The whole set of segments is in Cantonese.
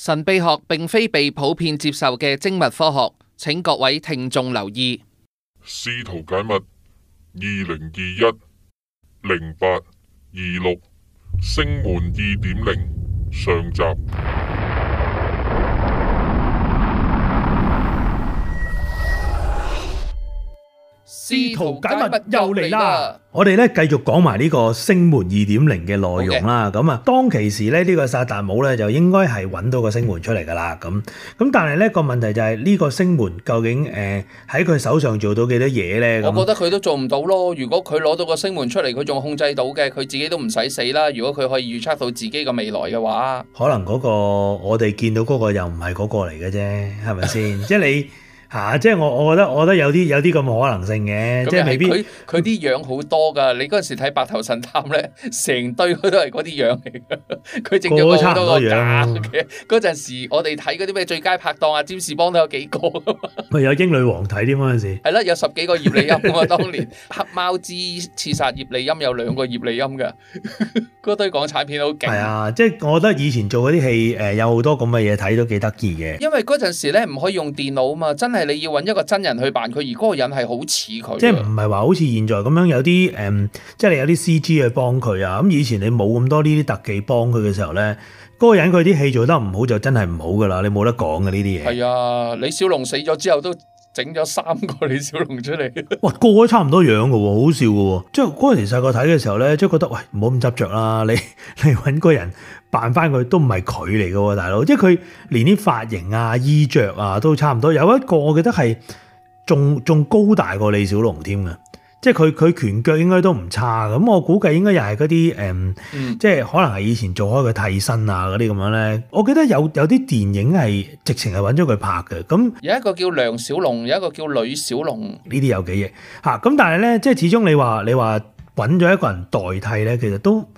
神秘學並非被普遍接受嘅精密科學，請各位聽眾留意。試圖解密，二零二一，零八二六，星門二點零，上集。試圖解密又嚟啦！我哋咧繼續講埋呢個星門二點零嘅內容啦。咁啊 Okay.，當其時咧呢、這個薩達姆咧就應該係揾到個星門出嚟噶啦。咁咁但係咧個問題就係、是、呢、這個星門究竟誒喺佢手上做到幾多嘢咧？我覺得佢都做唔到咯。如果佢攞到個星門出嚟，佢仲控制到嘅，佢自己都唔使死啦。如果佢可以預測到自己嘅未來嘅話，可能嗰、那個我哋見到嗰個又唔係嗰個嚟嘅啫，係咪先？即係你。嚇、啊！即係我，我覺得，我覺得有啲有啲咁嘅可能性嘅，即係未必佢啲樣好多噶。嗯、你嗰陣時睇《白頭神探》呢咧，成堆佢都係嗰啲樣嚟噶。佢淨咗好多個樣嘅。嗰陣時我哋睇嗰啲咩《最佳拍檔》啊，《占士邦》都有幾個啊？咪 有英女王睇添嗰陣時。係啦， 有十幾個葉利欽啊 當年《黑貓之刺殺葉利欽》有兩個葉利欽嘅。嗰 堆港產片好勁。係啊，即係我覺得以前做嗰啲戲誒，有好多咁嘅嘢睇都幾得意嘅。因為嗰陣時咧唔可以用電腦啊嘛，真係。係你要搵一個真人去扮佢，而嗰個人係好似佢，嗯。即係唔係話好似現在咁樣有啲誒，即係你有啲 CG 去幫佢啊。咁以前你冇咁多呢啲特技幫佢嘅時候咧，嗰，嗰個人佢啲戲做得唔好就真係唔好噶啦，你冇得講嘅呢啲嘢。係啊，李小龍死咗之後都。整咗三個李小龍出嚟， 哇，個個都差唔多樣嘅喎，好笑嘅喎，即係嗰陣時細個睇嘅時候咧，即係覺得喂，唔好咁執着啦，你你搵個人扮翻佢都唔係佢嚟嘅喎，大佬，即係佢連啲髮型啊、衣着啊都差唔多，有一個我記得係仲仲高大過李小龍添嘅。即係佢佢拳腳應該都唔差咁，我估計應該又係嗰啲誒，嗯嗯、即係可能係以前做開個替身啊嗰啲咁樣咧。我記得有有啲電影係直情係揾咗佢拍嘅。咁、嗯、有一個叫梁小龍，有一個叫呂小龍，呢啲有幾隻嚇。咁、嗯、但係咧，即係始終你話你話揾咗一個人代替咧，其實都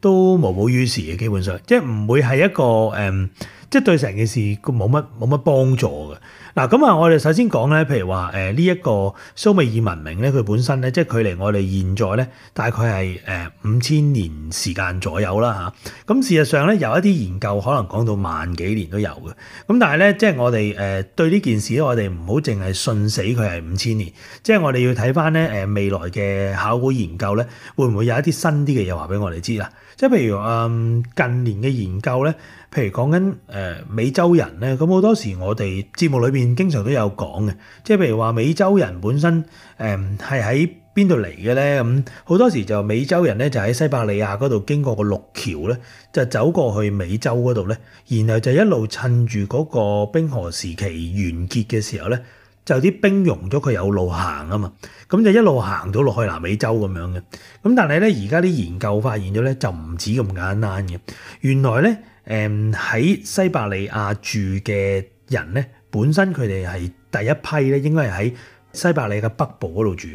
都無補於事嘅，基本上即係唔會係一個誒。嗯即係對成件事佢冇乜冇乜幫助嘅。嗱咁啊，我哋首先講咧，譬如話誒呢一個蘇美爾文明咧，佢本身咧即係距離我哋現在咧大概係誒、呃、五千年時間左右啦嚇。咁、啊、事實上咧，有一啲研究可能講到萬幾年都有嘅。咁但係咧，即係我哋誒、呃、對呢件事咧，我哋唔好淨係信死佢係五千年，即係我哋要睇翻咧誒未來嘅考古研究咧，會唔會有一啲新啲嘅嘢話俾我哋知啊？即係譬如誒近年嘅研究咧，譬如講緊。嗯誒美洲人咧，咁好多時我哋節目裏邊經常都有講嘅，即係譬如話美洲人本身誒係喺邊度嚟嘅咧？咁、嗯、好多時就美洲人咧就喺西伯利亞嗰度經過個陸橋咧，就走過去美洲嗰度咧，然後就一路趁住嗰個冰河時期完結嘅時候咧，就啲冰融咗，佢有路行啊嘛，咁就一路行咗落去南美洲咁樣嘅。咁但係咧，而家啲研究發現咗咧，就唔止咁簡單嘅，原來咧。誒喺西伯利亞住嘅人咧，本身佢哋係第一批咧，應該係喺西伯利亞嘅北部嗰度住。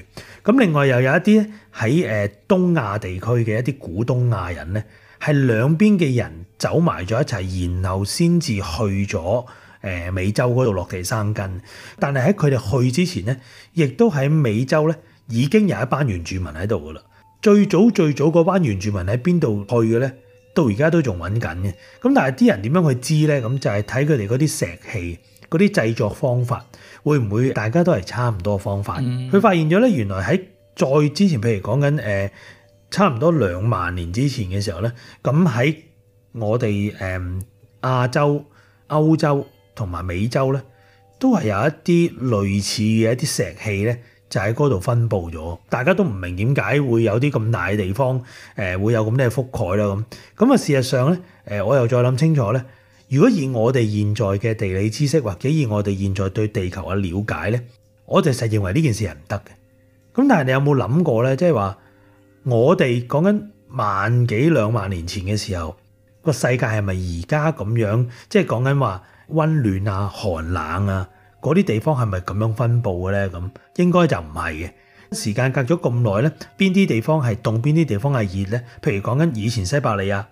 咁另外又有一啲喺誒東亞地區嘅一啲古東亞人咧，係兩邊嘅人走埋咗一齊，然後先至去咗誒美洲嗰度落地生根。但係喺佢哋去之前咧，亦都喺美洲咧已經有一班原住民喺度㗎喇。最早最早嗰班原住民喺邊度去嘅咧？到而家都仲揾緊嘅，咁但係啲人點樣去知咧？咁就係睇佢哋嗰啲石器嗰啲製作方法，會唔會大家都係差唔多方法？佢、嗯、發現咗咧，原來喺再之前，譬如講緊誒差唔多兩萬年之前嘅時候咧，咁喺我哋誒亞洲、歐洲同埋美洲咧，都係有一啲類似嘅一啲石器咧。就喺嗰度分布咗，大家都唔明點解會有啲咁大嘅地方，誒會有咁多覆蓋啦咁。咁啊事實上咧，誒我又再諗清楚咧，如果以我哋現在嘅地理知識，或者以我哋現在對地球嘅了解咧，我哋實認為呢件事係唔得嘅。咁但係你有冇諗過咧？即係話我哋講緊萬幾兩萬年前嘅時候，個世界係咪而家咁樣？即係講緊話溫暖啊、寒冷啊？嗰啲地方係咪咁樣分布嘅咧？咁應該就唔係嘅。時間隔咗咁耐咧，邊啲地方係凍，邊啲地方係熱咧？譬如講緊以前西伯利亞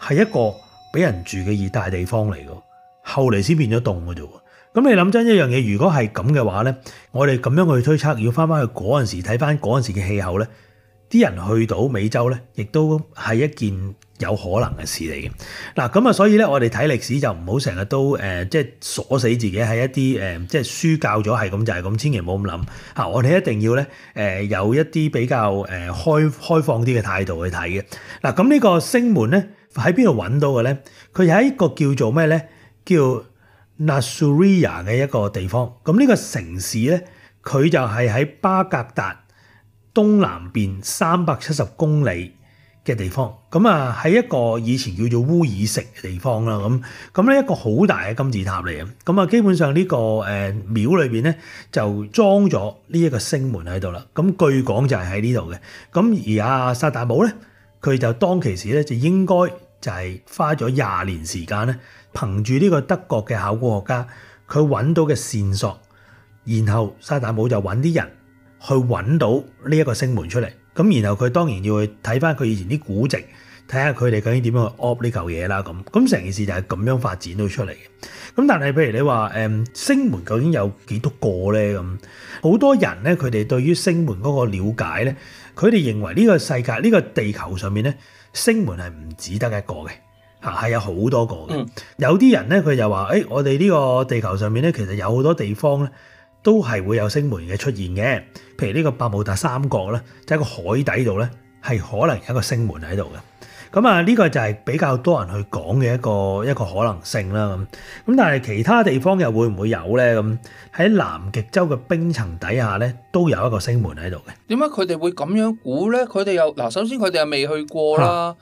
係一個俾人住嘅熱帶地方嚟㗎，後嚟先變咗凍㗎啫。咁你諗真一樣嘢，如果係咁嘅話咧，我哋咁樣去推測，要翻翻去嗰陣時睇翻嗰陣時嘅氣候咧，啲人去到美洲咧，亦都係一件。有可能嘅事嚟嘅，嗱咁啊，所以咧，我哋睇歷史就唔好成日都誒、呃，即係鎖死自己喺一啲誒、呃，即係書教咗係咁就係、是、咁，千祈唔好咁諗嚇。我哋一定要咧誒、呃，有一啲比較誒開、呃、開放啲嘅態度去睇嘅。嗱、啊，咁、這、呢個星門咧喺邊度揾到嘅咧？佢喺一個叫做咩咧？叫 Nasuria 嘅一個地方。咁、嗯、呢、這個城市咧，佢就係喺巴格達東南邊三百七十公里。嘅地方咁啊，喺一個以前叫做烏爾城嘅地方啦，咁咁咧一個好大嘅金字塔嚟嘅，咁啊基本上呢個誒廟裏邊咧就裝咗呢一個星門喺度啦，咁據講就係喺呢度嘅，咁而阿薩達姆咧佢就當其時咧就應該就係花咗廿年時間咧，憑住呢個德國嘅考古學家佢揾到嘅線索，然後薩達姆就揾啲人去揾到呢一個星門出嚟。咁然後佢當然要去睇翻佢以前啲古籍，睇下佢哋究竟點樣去 op 呢嚿嘢啦咁。咁成件事就係咁樣發展到出嚟嘅。咁但係譬如你話誒星門究竟有幾多個咧咁？好多人咧佢哋對於星門嗰個了解咧，佢哋認為呢個世界呢、這個地球上面咧，星門係唔只得一個嘅嚇，係有好多個嘅。嗯、有啲人咧佢就話，誒、哎、我哋呢個地球上面咧，其實有好多地方咧。都係會有星門嘅出現嘅，譬如呢個百慕達三角呢，就喺、是、個海底度呢，係可能有一個星門喺度嘅。咁啊，呢、這個就係比較多人去講嘅一個一個可能性啦。咁，咁但係其他地方又會唔會有呢？咁、嗯、喺南極洲嘅冰層底下呢，都有一個星門喺度嘅。點解佢哋會咁樣估呢？佢哋又嗱，首先佢哋又未去過啦，啊、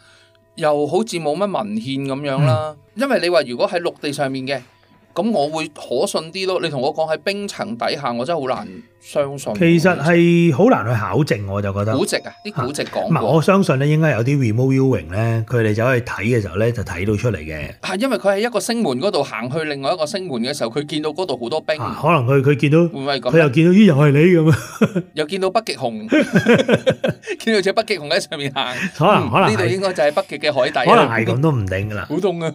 又好似冇乜文獻咁樣啦。嗯、因為你話如果喺陸地上面嘅。咁我會可信啲咯，你同我講喺冰層底下，我真係好難相信。其實係好難去考證，我就覺得古籍啊，啲古籍講。嗱，我相信咧，應該有啲 remote viewing 咧，佢哋走去睇嘅時候咧，就睇到出嚟嘅。係因為佢喺一個星門嗰度行去另外一個星門嘅時候，佢見到嗰度好多冰。啊，可能佢佢見到，佢又見到呢，又係你咁樣？又見到北極熊，見到隻北極熊喺上面行。可能可能呢度應該就係北極嘅海底。可能係咁都唔定㗎啦，好凍啊！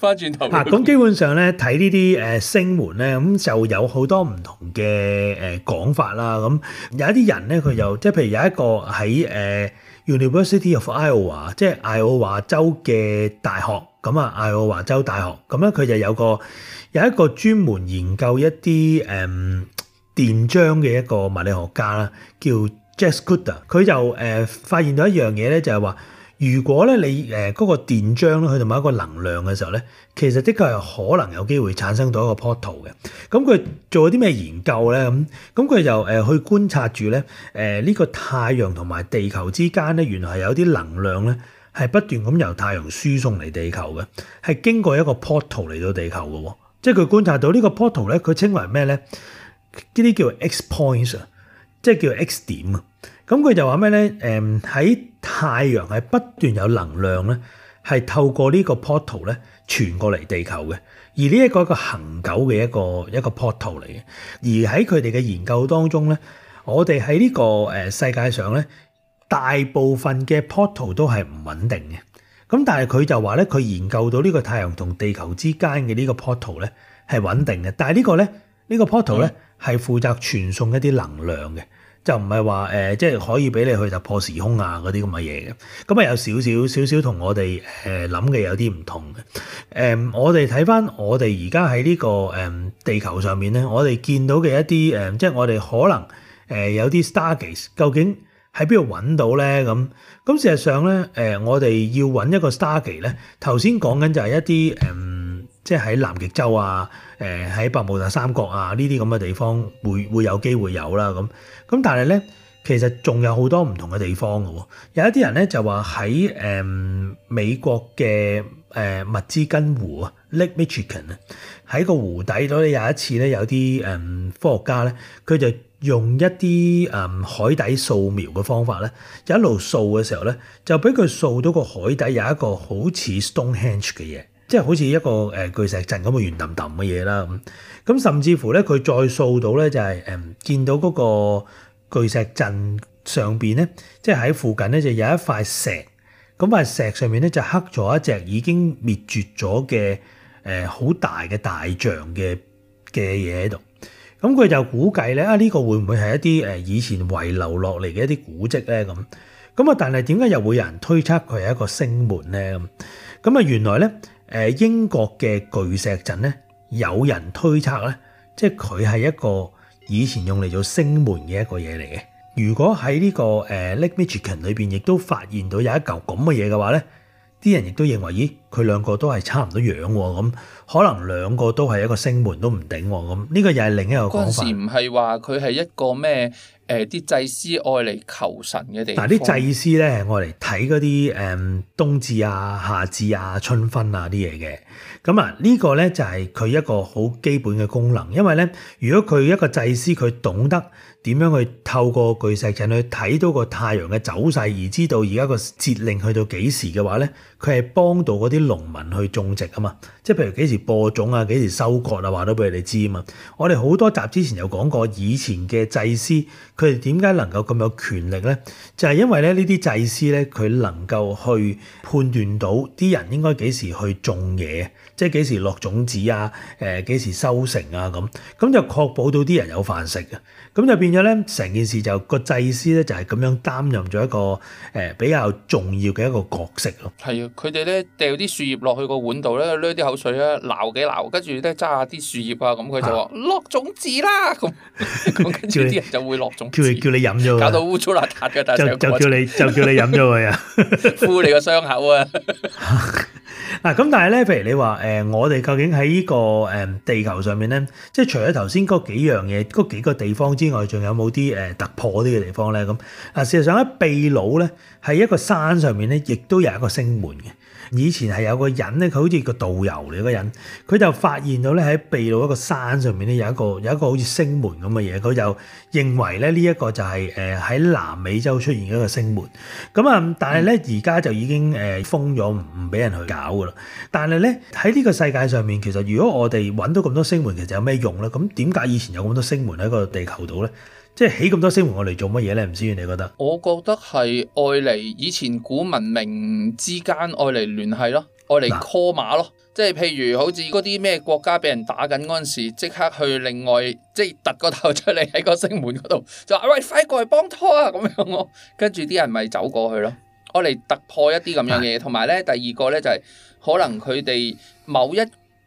翻轉頭咁基本上咧睇呢啲誒、呃、星門咧，咁、嗯、就有好多唔同嘅誒、呃、講法啦。咁、嗯、有一啲人咧，佢就即係譬如有一個喺誒、呃、University of Iowa，即係愛奧華州嘅大學，咁、嗯、啊愛奧華州大學，咁咧佢就有個有一個專門研究一啲誒、嗯、電漿嘅一個物理學家啦，叫 Jesse Gooder 佢就誒、呃、發現到一樣嘢咧，就係、是、話。如果咧你誒嗰個電漿咧，去到某一個能量嘅時候咧，其實的確係可能有機會產生到一個 portal 嘅。咁佢做咗啲咩研究咧？咁咁佢由誒去觀察住咧，誒呢個太陽同埋地球之間咧，原來係有啲能量咧，係不斷咁由太陽輸送嚟地球嘅，係經過一個 portal 嚟到地球嘅。即係佢觀察到呢個 portal 咧，佢稱為咩咧？呢啲叫 X points，即係叫 X 點。咁佢就話咩咧？誒喺太陽係不斷有能量咧，係透過呢個 portal 咧傳過嚟地球嘅。而呢一個一個恆久嘅一個一個 portal 嚟嘅。而喺佢哋嘅研究當中咧，我哋喺呢個誒世界上咧，大部分嘅 portal 都係唔穩定嘅。咁但係佢就話咧，佢研究到呢個太陽同地球之間嘅呢個 portal 咧係穩定嘅。但係呢個咧，呢個 portal 咧係負責傳送一啲能量嘅。就唔係話誒，即係可以俾你去突破時空啊嗰啲咁嘅嘢嘅，咁啊、嗯、有少少少少同我哋誒諗嘅有啲唔同嘅。誒、嗯，我哋睇翻我哋而家喺呢個誒、嗯、地球上面咧，我哋見到嘅一啲誒、嗯，即係我哋可能誒、呃、有啲 stargate 究竟喺邊度揾到咧？咁咁、嗯、事實上咧，誒、嗯、我哋要揾一個 stargate 咧，頭先講緊就係一啲誒。嗯即係喺南極洲啊，誒喺百慕達三角啊呢啲咁嘅地方會會有機會有啦咁咁，但係咧其實仲有好多唔同嘅地方嘅喎，有一啲人咧就話喺誒美國嘅誒密芝根湖啊 Lake Michigan 啊，喺個湖底度有一次咧有啲誒、嗯、科學家咧，佢就用一啲誒、嗯、海底掃描嘅方法咧，就一路掃嘅時候咧就俾佢掃到個海底有一個好似 Stonehenge 嘅嘢。即係好似一個誒巨石陣咁嘅圓氹氹嘅嘢啦。咁咁甚至乎咧，佢再掃到咧就係誒見到嗰個巨石陣上邊咧，即係喺附近咧就有一塊石。咁塊石上面咧就刻咗一隻已經滅絕咗嘅誒好大嘅大象嘅嘅嘢喺度。咁佢就估計咧啊，呢個會唔會係一啲誒以前遺留落嚟嘅一啲古跡咧？咁咁啊，但係點解又會有人推測佢係一個星門咧？咁咁啊，原來咧。英國嘅巨石陣咧，有人推測咧，即係佢係一個以前用嚟做星門嘅一個嘢嚟嘅。如果喺呢個誒 Lake Michigan 裏邊亦都發現到有一嚿咁嘅嘢嘅話咧，啲人亦都認為，咦佢兩個都係差唔多樣喎，咁可能兩個都係一個星門都唔頂喎，咁呢個又係另一個講法。嗰陣時唔係話佢係一個咩？誒啲祭師愛嚟求神嘅地方。嗱啲祭師咧，愛嚟睇嗰啲誒冬至啊、夏至啊、春分啊啲嘢嘅。咁啊，這個、呢個咧就係、是、佢一個好基本嘅功能。因為咧，如果佢一個祭師，佢懂得點樣去透過巨石陣去睇到個太陽嘅走勢，而知道而家個節令去到幾時嘅話咧，佢係幫到嗰啲農民去種植啊嘛。即係譬如幾時播種啊、幾時收割啊，話到俾你哋知啊嘛。我哋好多集之前有講過以前嘅祭師。佢哋點解能夠咁有權力咧？就係、是、因為咧呢啲祭司咧，佢能夠去判斷到啲人應該幾時去種嘢，即係幾時落種子啊，誒幾時收成啊咁，咁就確保到啲人有飯食嘅。咁就變咗咧，成件事就、那個祭司咧就係、是、咁樣擔任咗一個誒、呃、比較重要嘅一個角色咯。係啊，佢哋咧掉啲樹葉落去個碗度咧，攣啲口水啊，撈幾撈，跟住咧揸下啲樹葉啊，咁佢就話落種子啦，咁跟住啲人就會落種。 叫你叫你飲咗，搞到污糟邋遢嘅就 就叫你就叫你飲咗佢啊，敷 你個傷口啊。 啊咁，但係咧，譬如你話誒、呃，我哋究竟喺呢、呢個誒、呃、地球上面咧，即係除咗頭先嗰幾樣嘢、嗰幾個地方之外，仲有冇啲誒突破啲嘅地方咧？咁啊，事實上喺秘魯咧，係一個山上面咧，亦都有一個星門嘅。以前係有個人咧，佢好似個導遊嚟嘅人，佢就發現到咧，喺秘魯一個山上面咧，有一個有一個好似星門咁嘅嘢，佢就認為咧，呢一個就係誒喺南美洲出現嘅一個星門。咁啊，但係咧而家就已經誒封咗，唔唔俾人去搞噶啦。但係咧喺呢個世界上面，其實如果我哋揾到咁多星門，其實有咩用咧？咁點解以前有咁多星門喺個地球度咧？即係起咁多星門我嚟做乜嘢呢？唔知你覺得？我覺得係愛嚟以前古文明之間愛嚟聯繫咯，愛嚟 call 馬咯。即係譬如好似嗰啲咩國家俾人打緊嗰陣時，即刻去另外即係突個頭出嚟喺個星門嗰度，就話喂快過嚟幫拖啊咁樣咯。跟住啲人咪走過去咯，我嚟突破一啲咁樣嘅嘢。同埋呢第二個呢，就係可能佢哋某一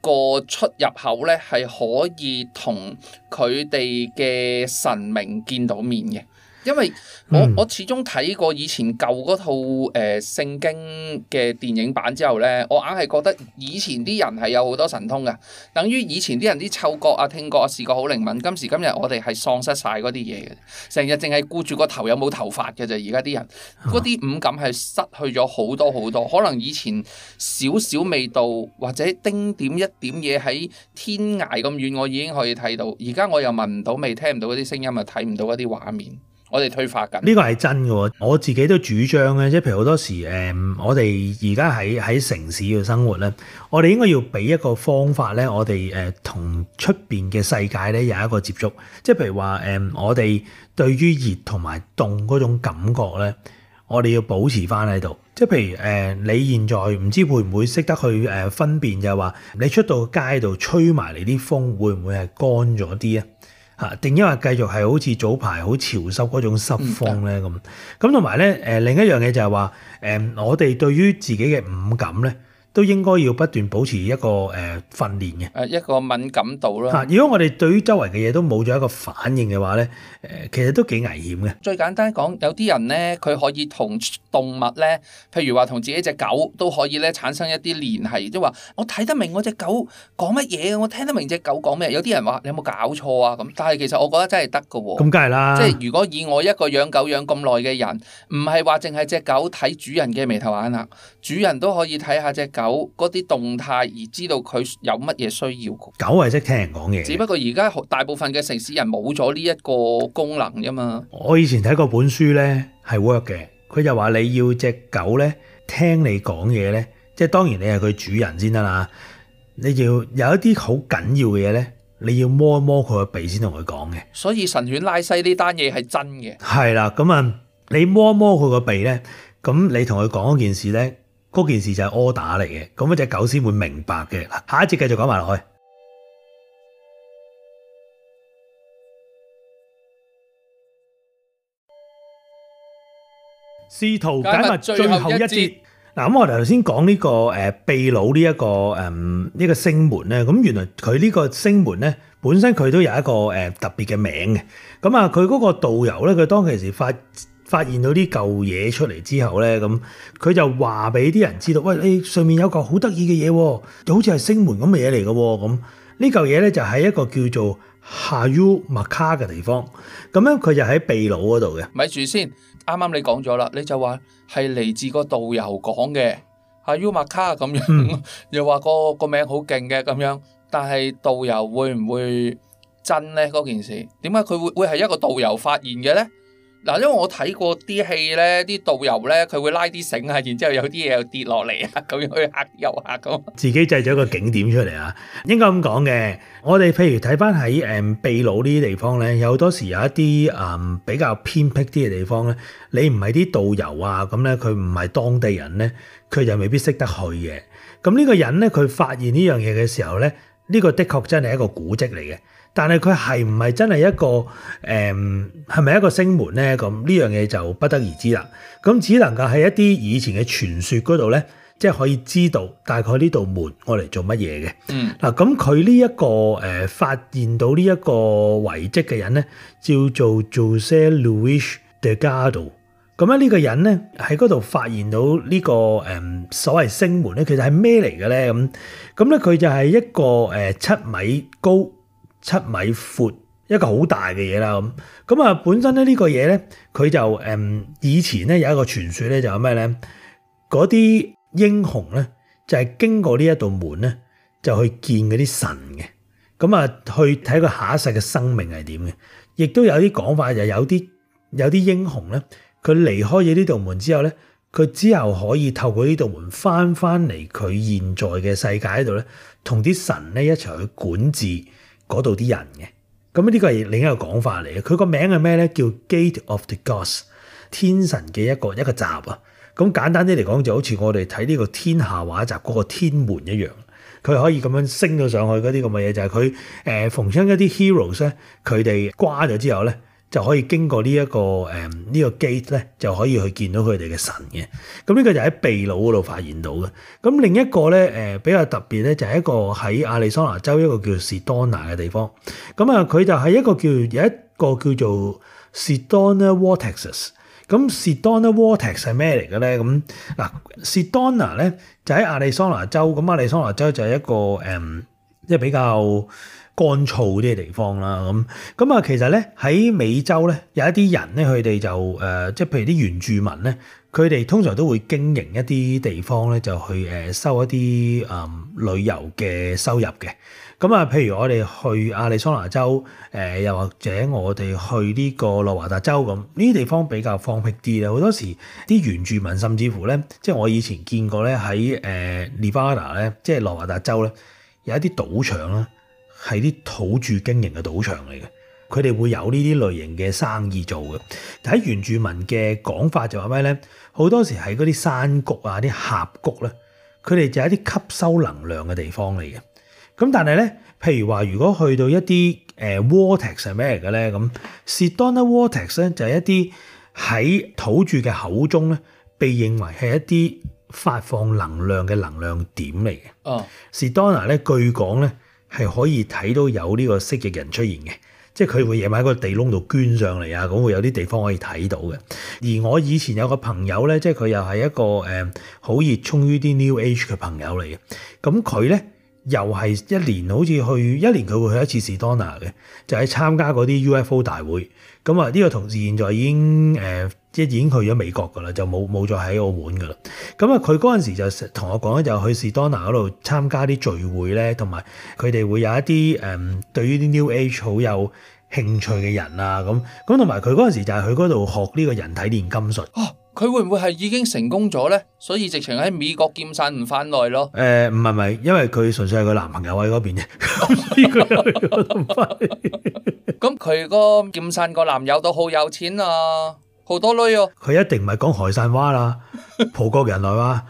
個出入口咧，係可以同佢哋嘅神明見到面嘅。因為我、嗯、我始終睇過以前舊嗰套誒聖、呃、經嘅電影版之後呢，我硬係覺得以前啲人係有好多神通㗎，等於以前啲人啲嗅覺啊、聽覺啊、視覺好靈敏。今時今日我哋係喪失晒嗰啲嘢嘅，成日淨係顧住個頭有冇頭髮嘅啫。而家啲人，嗰啲五感係失去咗好多好多。可能以前少少味道或者丁點一點嘢喺天涯咁遠，我已經可以睇到。而家我又聞唔到味，聽唔到嗰啲聲音，又睇唔到嗰啲畫面。我哋推發緊，呢個係真嘅。我自己都主張咧，即係譬如好多時誒、嗯，我哋而家喺喺城市嘅生活咧，我哋應該要俾一個方法咧，我哋誒同出邊嘅世界咧有一個接觸。即係譬如話誒、嗯，我哋對於熱同埋凍嗰種感覺咧，我哋要保持翻喺度。即係譬如誒、嗯，你現在唔知會唔會識得去誒分辨就係話，你出到街度吹埋嚟啲風會會，會唔會係乾咗啲啊？定因為繼續係好似早排好潮濕嗰種濕風咧咁？咁同埋咧誒，另一樣嘢就係話誒，我哋對於自己嘅五感咧。都應該要不斷保持一個誒訓練嘅。誒、呃、一個敏感度啦。嚇！如果我哋對於周圍嘅嘢都冇咗一個反應嘅話咧，誒、呃、其實都幾危險嘅。最簡單講，有啲人咧佢可以同動物咧，譬如話同自己隻狗都可以咧產生一啲聯繫，即係話我睇得明我隻狗講乜嘢，我聽得明隻狗講咩。有啲人話你有冇搞錯啊咁，但係其實我覺得真係得㗎喎。咁梗係啦。即係如果以我一個養狗養咁耐嘅人，唔係話淨係隻狗睇主人嘅眉頭眼額，主人都可以睇下隻狗。狗嗰啲動態而知道佢有乜嘢需要，狗係識聽人講嘢。只不過而家大部分嘅城市人冇咗呢一個功能噶嘛。我以前睇過本書咧，係 work 嘅，佢就話你要隻狗咧聽你講嘢咧，即係當然你係佢主人先得啦。你要有一啲好緊要嘅嘢咧，你要摸一摸佢個鼻先同佢講嘅。所以神犬拉西呢單嘢係真嘅。係啦，咁啊，你摸一摸佢個鼻咧，咁你同佢講一件事咧。嗰件事就係柯打嚟嘅，咁樣隻狗先會明白嘅。嗱，下一節繼續講埋落去。試圖解密最後一節。嗱，咁我哋頭先講呢個誒秘魯呢一個誒一個星門咧，咁原來佢呢個星門咧，本身佢都有一個誒特別嘅名嘅。咁啊，佢嗰個導遊咧，佢當其時發發現到啲舊嘢出嚟之後呢，咁佢就話俾啲人知道，喂，你上面有個好得意嘅嘢，就好似係星門咁嘅嘢嚟嘅喎。咁呢嚿嘢呢，就係一個叫做 Hayu Marca 嘅地方。咁樣佢就喺秘魯嗰度嘅。咪住先，啱啱你講咗啦，你就話係嚟自個導遊講嘅 Hayu Marca 咁樣，嗯、又話個個名好勁嘅咁樣。但係導遊會唔會真呢？嗰件事點解佢會會係一個導遊發現嘅呢？嗱，因為我睇過啲戲咧，啲導遊咧佢會拉啲繩啊，然之後有啲嘢又跌落嚟啊，咁樣去嚇遊客咁。自己製咗一個景點出嚟啊，應該咁講嘅。我哋譬如睇翻喺誒秘魯呢啲地方咧，有好多時有一啲誒、嗯、比較偏僻啲嘅地方咧，你唔係啲導遊啊咁咧，佢唔係當地人咧，佢又未必識得去嘅。咁呢個人咧，佢發現呢樣嘢嘅時候咧，呢、呢個的確真係一個古蹟嚟嘅。但係佢係唔係真係一個誒，係、嗯、咪一個星門咧？咁呢樣嘢就不得而知啦。咁只能夠喺一啲以前嘅傳説嗰度咧，即係可以知道大概呢道門我嚟做乜嘢嘅。嗯，嗱咁佢呢一個誒發現到呢、這、一個遺跡嘅人咧，叫做 Jose Luis de Gado r。咁咧呢個人咧，喺嗰度發現到呢個誒所謂星門咧，其實係咩嚟嘅咧？咁咁咧佢就係一個誒、呃、七米高。七米闊，一個好大嘅嘢啦。咁咁啊，本身咧，呢個嘢咧，佢就誒以前咧，有一個傳説咧，就係咩咧？嗰啲英雄咧，就係經過呢一道門咧，就去見嗰啲神嘅。咁啊，去睇佢下一世嘅生命係點嘅，亦都有啲講法就，有有啲有啲英雄咧，佢離開咗呢道門之後咧，佢之後可以透過呢道門翻翻嚟佢現在嘅世界嗰度咧，同啲神咧，一齊去管治。嗰度啲人嘅，咁呢個係另一個講法嚟嘅。佢個名係咩咧？叫 Gate of the Gods，天神嘅一個一個閘啊。咁簡單啲嚟講，就好似我哋睇呢個天下畫集嗰個天門一樣。佢可以咁樣升咗上去嗰啲咁嘅嘢，就係佢誒逢親一啲 heroes 咧，佢哋瓜咗之後咧。就可以經過呢、這、一個誒呢、嗯這個 gate 咧，就可以去見到佢哋嘅神嘅。咁、嗯、呢、這個就喺秘魯嗰度發現到嘅。咁、嗯、另一個咧誒、呃、比較特別咧，就係、是、一個喺亞利桑拿州一個叫 Sedona 嘅地方。咁、嗯、啊，佢就係一個叫有一個叫做 Sedona vortexes。咁 Sedona vortex 係咩嚟嘅咧？咁嗱，Sedona 咧就喺、是、亞利桑拿州。咁、嗯、亞利桑拿州就係一個誒即係比較。乾燥啲嘅地方啦，咁咁啊，其實咧喺美洲咧有一啲人咧，佢哋就誒，即係譬如啲原住民咧，佢哋通常都會經營一啲地方咧，就去誒收一啲誒旅遊嘅收入嘅。咁啊，譬如我哋去亞利桑那州，誒又或者我哋去呢個內華達州咁，呢啲地方比較荒僻啲啦。好多時啲原住民甚至乎咧，即係我以前見過咧，喺誒 Nevada 咧，即係內華達州咧，有一啲賭場啦。係啲土著經營嘅賭場嚟嘅，佢哋會有呢啲類型嘅生意做嘅。但喺原住民嘅講法就話咩咧？好多時喺嗰啲山谷啊、啲峽谷咧，佢哋就一啲吸收能量嘅地方嚟嘅。咁但係咧，譬如話如果去到一啲 w 誒 t 特斯係咩嚟嘅咧？咁 Sitona War t 特斯咧就係一啲喺土著嘅口中咧被認為係一啲發放能量嘅能量點嚟嘅。哦，Sitona 咧據講咧。係可以睇到有呢個蜥蜴人出現嘅，即係佢會夜晚喺個地窿度捐上嚟啊！咁會有啲地方可以睇到嘅。而我以前有個朋友咧，即係佢又係一個誒好熱衷於啲 New Age 嘅朋友嚟嘅，咁佢咧。又係一年，好似去一年，佢會去一次士多拿嘅，就係參加嗰啲 UFO 大會。咁啊，呢個同事現在已經誒，即、呃、係已經去咗美國㗎啦，就冇冇再喺澳門㗎啦。咁、嗯、啊，佢嗰陣時就同我講就去士多拿嗰度參加啲聚會咧，同埋佢哋會有一啲誒、呃，對於啲 New Age 好有興趣嘅人啊咁。咁同埋佢嗰陣時就係去嗰度學呢個人體煉金術。哦。佢會唔會係已經成功咗呢？所以直情喺美國劍散唔返來咯。誒唔係唔係，因為佢純粹係佢男朋友喺嗰邊。咁佢個劍散個男友都好有錢啊，好多女哦、啊。佢一定唔係講海散話啦，葡國人來嘛。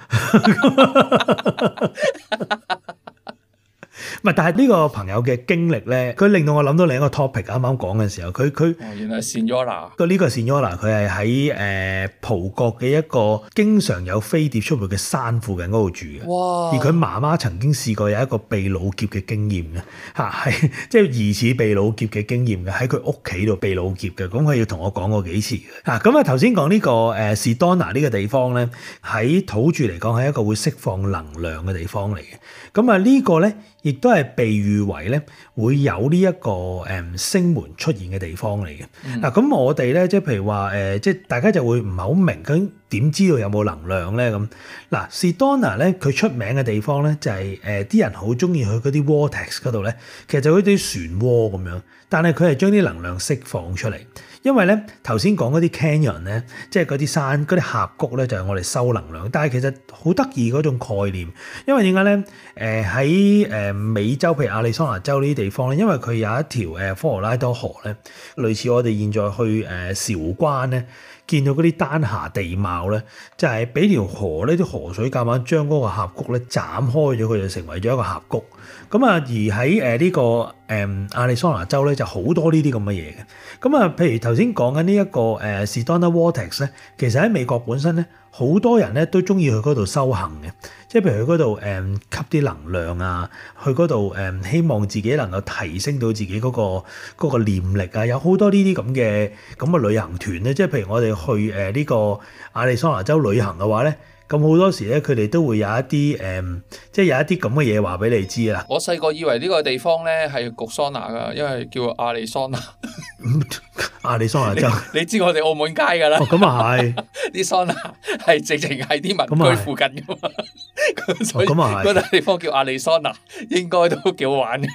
但係呢個朋友嘅經歷咧，佢令到我諗到另一個 topic。啱啱講嘅時候，佢佢原來是 Sintra。佢呢個 Sintra，佢係喺誒葡國嘅一個經常有飛碟出沒嘅山附近嗰度住嘅。哇而佢媽媽曾經試過有一個被老劫嘅經驗嘅嚇，係即係疑似被老劫嘅經驗嘅，喺佢屋企度被老劫嘅。咁佢要同我講過幾次嘅。咁啊頭先講呢個誒是 Sintra 呢個地方咧，喺土著嚟講係一個會釋放能量嘅地方嚟嘅。咁啊呢個咧。亦都係被譽為咧會有呢一個誒星門出現嘅地方嚟嘅。嗱、嗯，咁我哋咧即係譬如話誒，即、呃、係大家就會唔係好明究竟點知道有冇能量咧咁。嗱，Sedona 咧佢出名嘅地方咧就係誒啲人好中意去嗰啲 vortex 嗰度咧，其實就嗰啲旋渦咁樣，但係佢係將啲能量釋放出嚟。因為咧頭先講嗰啲 canyon 咧，即係嗰啲山嗰啲峽谷咧，就係我哋收能量。但係其實好得意嗰種概念，因為點解咧？誒喺誒美洲，譬如亞利桑那州呢啲地方咧，因為佢有一條誒科羅拉多河咧，類似我哋現在去誒韶、呃、關咧。見到嗰啲丹霞地貌咧，就係、是、俾條河呢啲河水夾硬將嗰個峽谷咧斬開咗，佢就成為咗一個峽谷。咁啊、這個，而喺誒呢個誒亞利桑那州咧，就好多呢啲咁嘅嘢嘅。咁啊，譬如頭先講緊呢一個誒 Sedona Vortex 咧，其實喺美國本身咧。好多人咧都中意去嗰度修行嘅，即係譬如去嗰度誒吸啲能量啊，去嗰度誒希望自己能夠提升到自己嗰個嗰個念力啊，有好多呢啲咁嘅咁嘅旅行團咧，即係譬如我哋去誒呢個亞利桑那州旅行嘅話咧。咁好多時咧，佢哋都會有一啲誒、嗯，即係有一啲咁嘅嘢話俾你知啦。我細個以為呢個地方咧係焗桑拿噶，因為叫阿里桑拿。 阿里桑拿就你，你知我哋澳門街噶啦。咁啊係。啲 桑拿係直情係啲民居附近噶嘛。咁啊係。嗰笪 地方叫阿里桑拿，應該都幾好玩。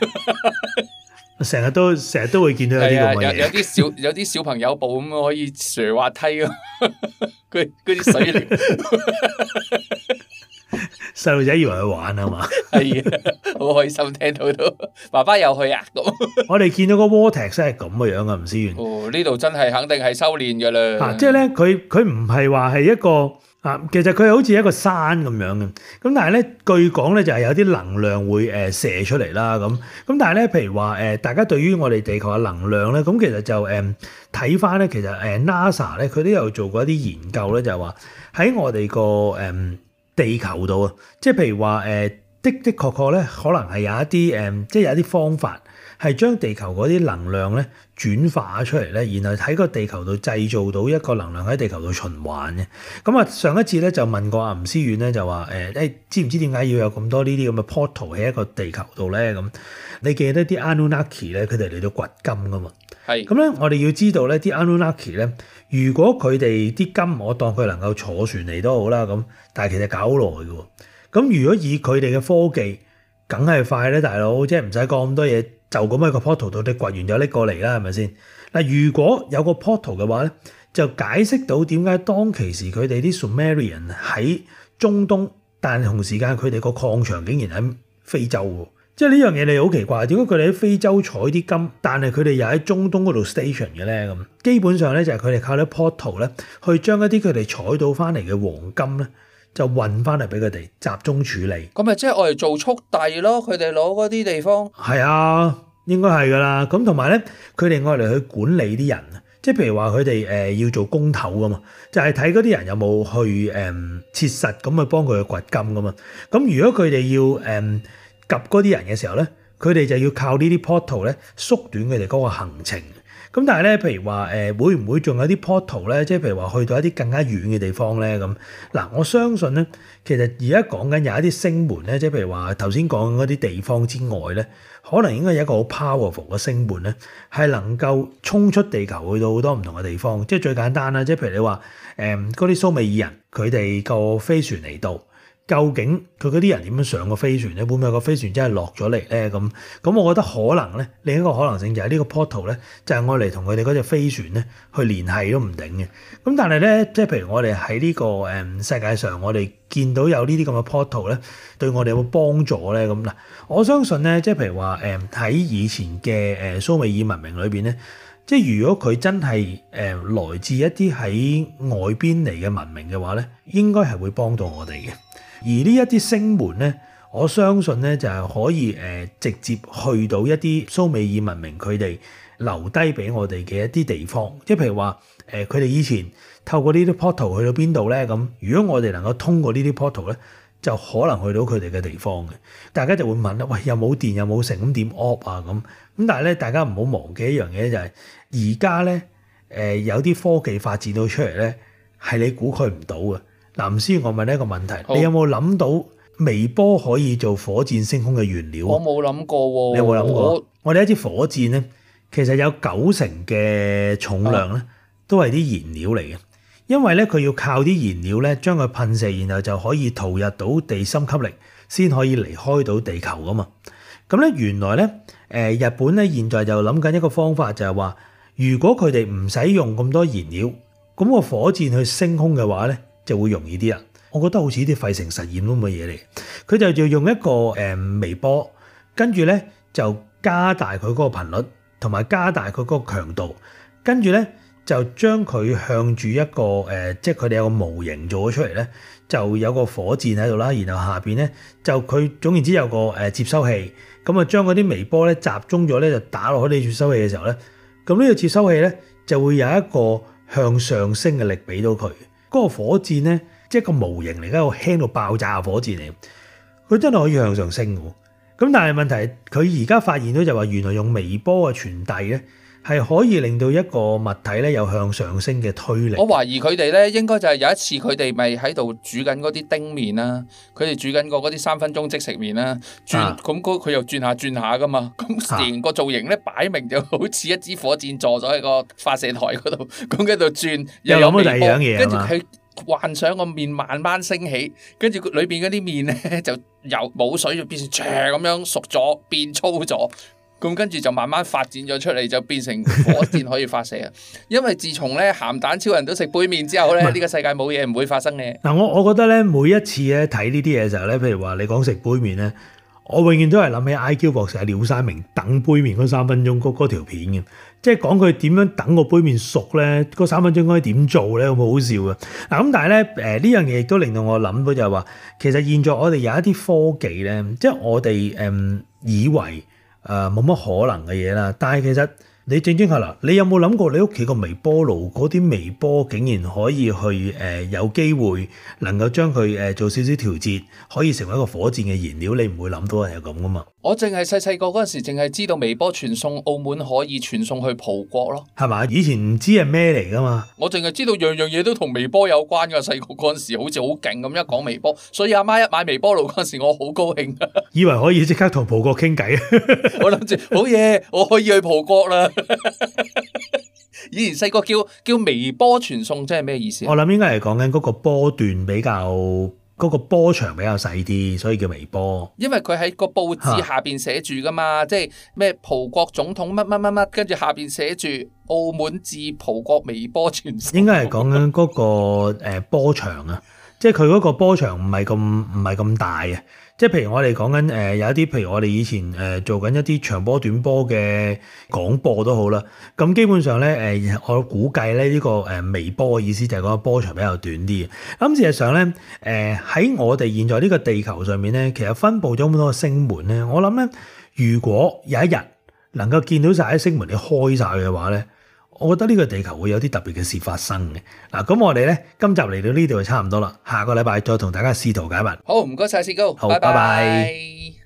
成日都成日都會見到有啲咁嘅嘢，有啲小有啲小朋友步咁可以垂滑梯咯，佢嗰啲水力，細路仔以為去玩啊嘛，係 啊，好開心聽到都，爸爸又去啊， 我哋見到個 water、哦、真係咁嘅樣啊，唔知原來哦，呢度真係肯定係修煉噶啦，即係咧，佢佢唔係話係一個。其實佢係好似一個山咁樣嘅，咁但係咧，據講咧就係有啲能量會誒射出嚟啦，咁咁但係咧，譬如話誒，大家對於我哋地球嘅能量咧，咁其實就誒睇返咧，其實誒 NASA 咧，佢都有做過一啲研究咧，就係話喺我哋個誒地球度啊，即係譬如話誒。的的確確咧，可能係有一啲誒，即係有一啲方法，係將地球嗰啲能量咧轉化出嚟咧，然後喺個地球度製造到一個能量喺地球度循環嘅。咁啊，上一次咧就問過阿吳思遠咧，就話誒誒，知唔知點解要有咁多呢啲咁嘅 portal 喺一個地球度咧？咁你記得啲 Anunnaki 咧，佢哋嚟到掘金噶嘛？係是。咁咧，我哋要知道咧，啲 Anunnaki 咧，如果佢哋啲金，我當佢能夠坐船嚟都好啦，咁但係其實搞耐嘅喎。咁如果以佢哋嘅科技，梗係快咧，大佬，即係唔使講咁多嘢， 就咁一個 portal 度，你掘完就拎過嚟啦，係咪先？嗱，如果有個 portal 嘅話咧，就解釋到點解當其時佢哋啲 Sumerian 喺中東，但同時間佢哋個礦場竟然喺非洲喎，即係呢樣嘢你好奇怪，點解佢哋喺非洲採啲金，但係佢哋又喺中東嗰度 station 嘅咧？咁基本上咧就係佢哋靠呢個 portal 咧，去將一啲佢哋採到翻嚟嘅黃金咧。就運翻嚟俾佢哋集中處理。咁咪即係我嚟做速遞咯。佢哋攞嗰啲地方？係啊，應該係㗎啦。咁同埋咧，佢哋愛嚟去管理啲人，即係譬如話佢哋誒要做公頭㗎嘛，就係睇嗰啲人有冇去誒切、呃、實咁去幫佢去掘金㗎嘛。咁、呃、如果佢哋要誒及嗰啲人嘅時候咧，佢哋就要靠呢啲 portal 咧縮短佢哋嗰個行程。咁但係咧，譬如話誒，會唔會仲有啲 portal 咧？即係譬如話去到一啲更加遠嘅地方咧咁。嗱，我相信咧，其實而家講緊有一啲星門咧，即係譬如話頭先講嗰啲地方之外咧，可能應該有一個好 powerful 嘅星門咧，係能夠衝出地球去到好多唔同嘅地方。即係最簡單啦，即係譬如你話誒嗰啲蘇美爾人佢哋個飛船嚟到。究竟佢嗰啲人點樣上個飛船咧？會唔會個飛船真係落咗嚟咧？咁咁，我覺得可能咧，另一個可能性就係呢個 portal 咧，就係我嚟同佢哋嗰隻飛船咧去聯繫都唔定嘅。咁但係咧，即係譬如我哋喺呢個誒、嗯、世界上，我哋見到有呢啲咁嘅 portal 咧，對我哋有冇幫助咧？咁嗱，我相信咧，即係譬如話誒喺以前嘅誒蘇美爾文明裏邊咧，即係如果佢真係誒來自一啲喺外邊嚟嘅文明嘅話咧，應該係會幫到我哋嘅。而呢一啲星門咧，我相信咧就係可以誒直接去到一啲蘇美爾文明佢哋留低俾我哋嘅一啲地方，即係譬如話誒佢哋以前透過呢啲 portal 去到邊度咧咁。如果我哋能夠通過呢啲 portal 咧，就可能去到佢哋嘅地方嘅。大家就會問咧，喂又冇電又冇成，咁點 op 啊咁咁？但係咧，大家唔好忘記一樣嘢就係而家咧誒有啲科技發展到出嚟咧，係你估佢唔到嘅。林師，我問你一個問題，好你有冇諗到微波可以做火箭升空嘅原料？我冇諗過喎、哦。你有冇諗過？我哋一支火箭咧，其實有九成嘅重量咧，都係啲燃料嚟嘅，因為咧佢要靠啲燃料咧將佢噴射，然後就可以逃入到地心吸力，先可以離開到地球噶嘛。咁咧原來咧，誒日本咧現在就諗緊一個方法就，就係話如果佢哋唔使用咁多燃料，咁、個火箭去升空嘅話咧，就會容易啲啊！我覺得好似啲費城實驗咁嘅嘢嚟，佢就要用一個誒微波，跟住咧就加大佢嗰個頻率，同埋加大佢嗰個強度，跟住咧就將佢向住一個誒、呃，即係佢哋有個模型做咗出嚟咧，就有個火箭喺度啦，然後下邊咧就佢總言之有個誒接收器，咁啊將嗰啲微波咧集中咗咧就打落去呢接收器嘅時候咧，咁呢個接收器咧就會有一個向上升嘅力俾到佢。嗰個火箭咧，即係個模型嚟嘅，一個輕到爆炸嘅火箭嚟，佢真係可以向上升嘅。咁但係問題係，佢而家發現到就話，原來用微波嘅傳遞咧。係可以令到一個物體咧有向上升嘅推力。我懷疑佢哋咧應該就係有一次佢哋咪喺度煮緊嗰啲丁麵啦、啊，佢哋煮緊嗰啲三分鐘即食麵啦、啊，轉咁佢又轉下轉下㗎嘛，咁成、啊、個造型咧擺明就好似一支火箭坐咗喺個發射台嗰度，咁喺度轉又有微波？跟住佢幻想個麵慢慢升起，跟住裏邊嗰啲麵咧就由冇水就變成咁樣熟咗變，熟變粗咗。咁跟住就慢慢發展咗出嚟，就變成火箭可以發射啊！ 因為自從咧鹹蛋超人都食杯麵之後咧，呢、嗯、個世界冇嘢唔會發生嘅。嗱、嗯，我我覺得咧，每一次咧睇呢啲嘢嘅時候咧，譬如話你講食杯麵咧，我永遠都係諗起 IQ 博士成日鳥山明等杯麵嗰三分鐘嗰條片嘅，即係講佢點樣等個杯麵熟咧，嗰三分鐘應該點做咧，咁好笑嘅。嗱咁，但係咧誒呢樣嘢亦都令到我諗到就係、是、話，其實現在我哋有一啲科技咧，即、就、係、是、我哋誒以為。嗯嗯嗯嗯嗯嗯嗯嗯誒冇乜可能嘅嘢啦，但係其實你正正下嗱，你有冇諗過你屋企個微波爐嗰啲微波竟然可以去誒、呃、有機會能夠將佢誒、呃、做少少調節，可以成為一個火箭嘅燃料？你唔會諗到係咁㗎嘛？我淨係細細個嗰陣時，淨係知道微波傳送澳門可以傳送去葡國咯，係嘛？以前唔知係咩嚟噶嘛？我淨係知道樣樣嘢都同微波有關噶。細個嗰陣時好似好勁咁一講微波，所以阿媽一買微波爐嗰陣時，我好高興，以為可以即刻同葡國傾偈啊！ 我諗住好嘢，我可以去葡國啦。 以前細個叫叫微波傳送，即係咩意思啊？我諗應該係講緊嗰個波段比較。嗰個波長比較細啲，所以叫微波。因為佢喺個報紙下邊寫住㗎嘛，哈即係咩葡國總統乜乜乜乜，跟住下邊寫住澳門至葡國微波傳送。應該係講緊嗰個誒波長啊，即係佢嗰個波長唔係咁唔係咁大啊。即係譬如我哋講緊誒有一啲，譬如我哋以前誒做緊一啲長波短波嘅廣播都好啦，咁基本上咧誒我估計咧，呢個誒微波嘅意思就係嗰個波長比較短啲。咁事實上咧誒喺我哋現在呢個地球上面咧，其實分布咗好多個星門咧。我諗咧，如果有一日能夠見到晒啲星門你開曬嘅話咧。我覺得呢個地球會有啲特別嘅事發生嘅。嗱、啊，咁我哋呢今集嚟到呢度就差唔多啦。下個禮拜再同大家試圖解密。好，唔該曬，士高。好，拜拜。拜拜。